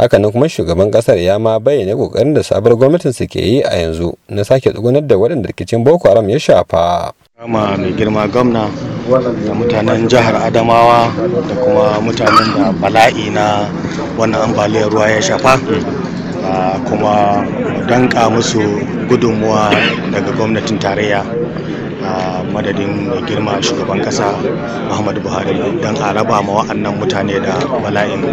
hakanan kuma shugaban kasar ya ma bayyana kokarin da sabar gwamnatin su ke yi a yanzu na sake tsugunar da waɗanda rikicin boko haram ya shafa kama mai girma gwamna da mutanen jihar adamawa da kuma mutanen da bala'i na wannan ambaliyar ruwa ya shafa kuma danka musu gudunmuwa daga gwamnatin tarayya a madadin girma shugaban kasa muhammadu buhari don a raba ma wa'annan mutane da bala'in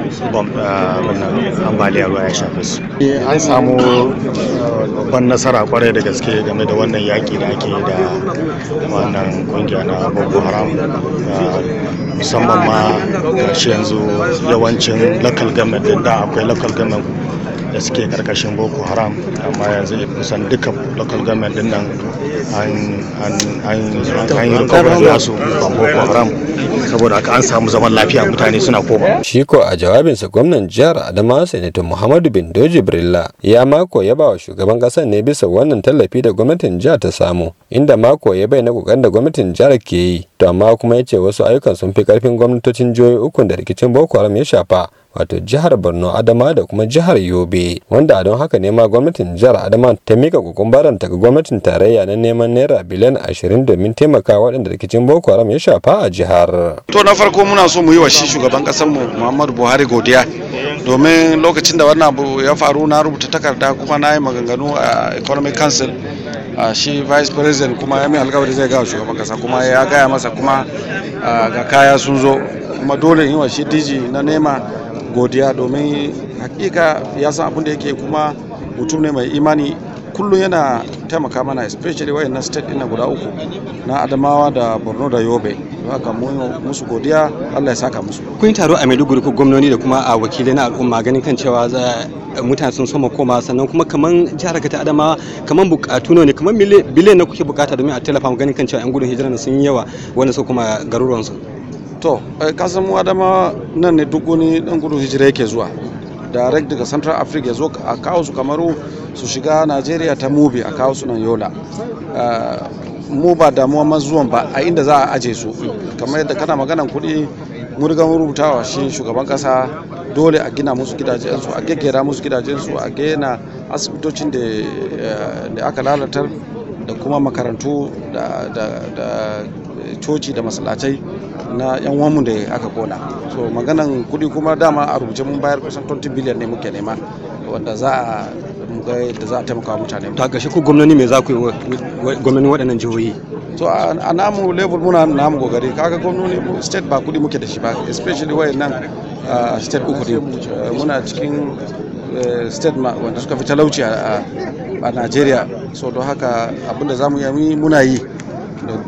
ambaliyar ruwa ya shafe su eh, an samu eh, ban nasara kwarai da gaske game da wannan yaƙi da ake da wannan kungiya na boko haram eh, musamman ma shi yanzu yawancin local government da akwai local government da suke karkashin boko haram amma yanzu kusan duka local government din nan an yi rikobar boko haram saboda aka an samu zaman lafiya mutane suna koma shi ko a jawabinsa gwamnan jihar adama senator muhammadu bin doji brilla ya mako ya ba wa shugaban kasar ne bisa wannan tallafi da gwamnatin jihar ta samu inda mako ya bai na kokarin da gwamnatin jihar ke yi to amma kuma ya ce wasu ayyukan sun fi karfin gwamnatocin jihohi ukun da rikicin boko haram ya shafa wato jihar borno adama da kuma jihar yobe wanda don haka ne gwamnatin jihar adama ta mika kukumbaran ta ga gwamnatin tarayya na neman naira biliyan ashirin domin taimaka waɗanda rikicin boko haram ya shafa a jihar to na farko muna so mu yi wa shi shugaban kasar mu muhammadu buhari godiya domin lokacin da wannan abu ya faru na rubuta takarda kuma na yi maganganu a economic council a shi vice president kuma ya mai alkawari zai ga shugaban kasa kuma ya gaya masa kuma ga kaya sun zo kuma dole yi wa shi diji na nema godiya domin hakika ya san abin da yake kuma mutum ne mai imani kullum yana taimaka mana especially na state ina guda uku na adamawa da borno da yobe ba haka musu godiya allah ya saka musu kun taro a maiduguri ko gwamnoni da kuma a wakilai na al'umma ganin kan cewa mutane sun soma koma sannan kuma kamar jihar ta adamawa kamar bukatu ne kamar biliyan na kuke bukata domin a tallafa ganin kan cewa yan gudun hijira sun yawa wanda su kuma garuruwansu to eh, kasan mu adama nan ne duk wani dan gudun hijira yake zuwa direct daga central africa ya zo a kawo su kamaru su shiga nigeria ta mubi a kawo su nan yola eh, mu ba damuwa zuwan ba a inda za a aje su kamar yadda kana maganan kuɗi murga rubutawa shi shugaban kasa dole a gina musu gidajensu a gaggera musu gidajensu a gina asibitocin eh, da aka lalatar da kuma makarantu da coci da masallatai na yan wamu da aka kona so maganan kudi kuma dama a rubuce mun bayar kusan 20 biliyan ne muke nema wanda za a da za a taimaka mutane ta gashi ku gwamnati me za ku yi gwamnati waɗannan jihohi to a namu level muna namu gogari kaga gwamnati state ba kudi muke da shi ba especially wayannan state uku ne muna cikin eh, state wanda suka fi talauci a Najeriya so don haka abinda za mu yi muna yi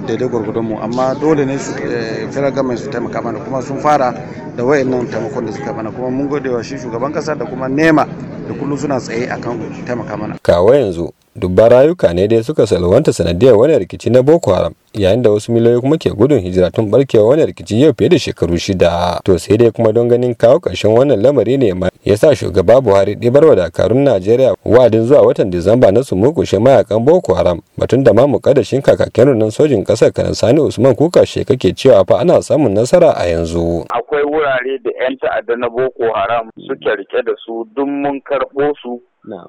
daidai gwargwadon mu amma dole ne eh, federal government su taimaka mana kuma sun fara da wayannan taimakon da suka mana kuma mun gode wa shi shugaban kasa da kuma nema da kullum suna tsaye akan taimaka mana kawo yanzu dubban rayuka ne dai suka salwanta sanadiyar wani rikici na boko haram yayin da wasu miliyoyi kuma ke gudun hijira tun barkewa wani rikici yau fiye da shekaru shida to sai dai kuma don ganin kawo ƙarshen wannan lamari ne ma ya sa shugaba buhari ɗibar wa dakarun najeriya wa'adin zuwa watan disamba na su murƙushe mayakan boko haram batun da ma muƙaddashin kakakin rundunar sojin ƙasar kanan sani usman kuka sheka kake cewa fa ana samun nasara a yanzu akwai wurare da 'yan ta'adda na boko haram suke rike da su duk mun karɓo su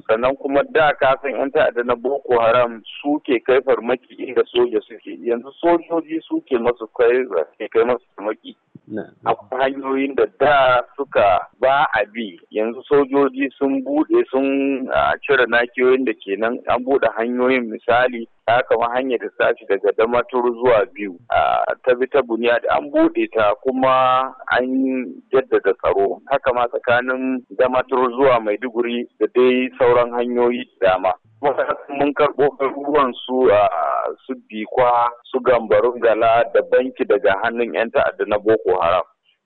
sannan kuma da kafin yan ta'adda na boko haram suke kai farmaki inda soja suke yanzu sojoji suke masu kai kai masu farmaki akwai hanyoyin da da suka ba a bi yanzu sojoji sun buɗe sun cire nakiyoyin da kenan an buɗe hanyoyin misali ta kama hanyar da daga damatur zuwa biyu ta bi ta buniya da an buɗe ta kuma an jaddada tsaro haka ma tsakanin damatur zuwa maiduguri da dai sauran hanyoyi dama mun karɓo garuruwan su a su bikwa su gambarun gala da banki daga hannun 'yan ta'adda na boko haram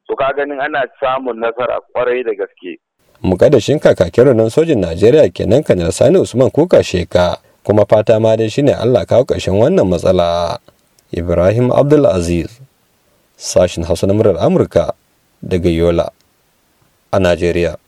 to ka ganin ana samun nasara kwarai da gaske mukaddashin kakakin rundunar sojin najeriya kenan kanar sani usman kuka sheka kuma fata ma dai shine allah kawo ƙarshen wannan matsala ibrahim abdulaziz sashin hausa na murar amurka daga yola a najeriya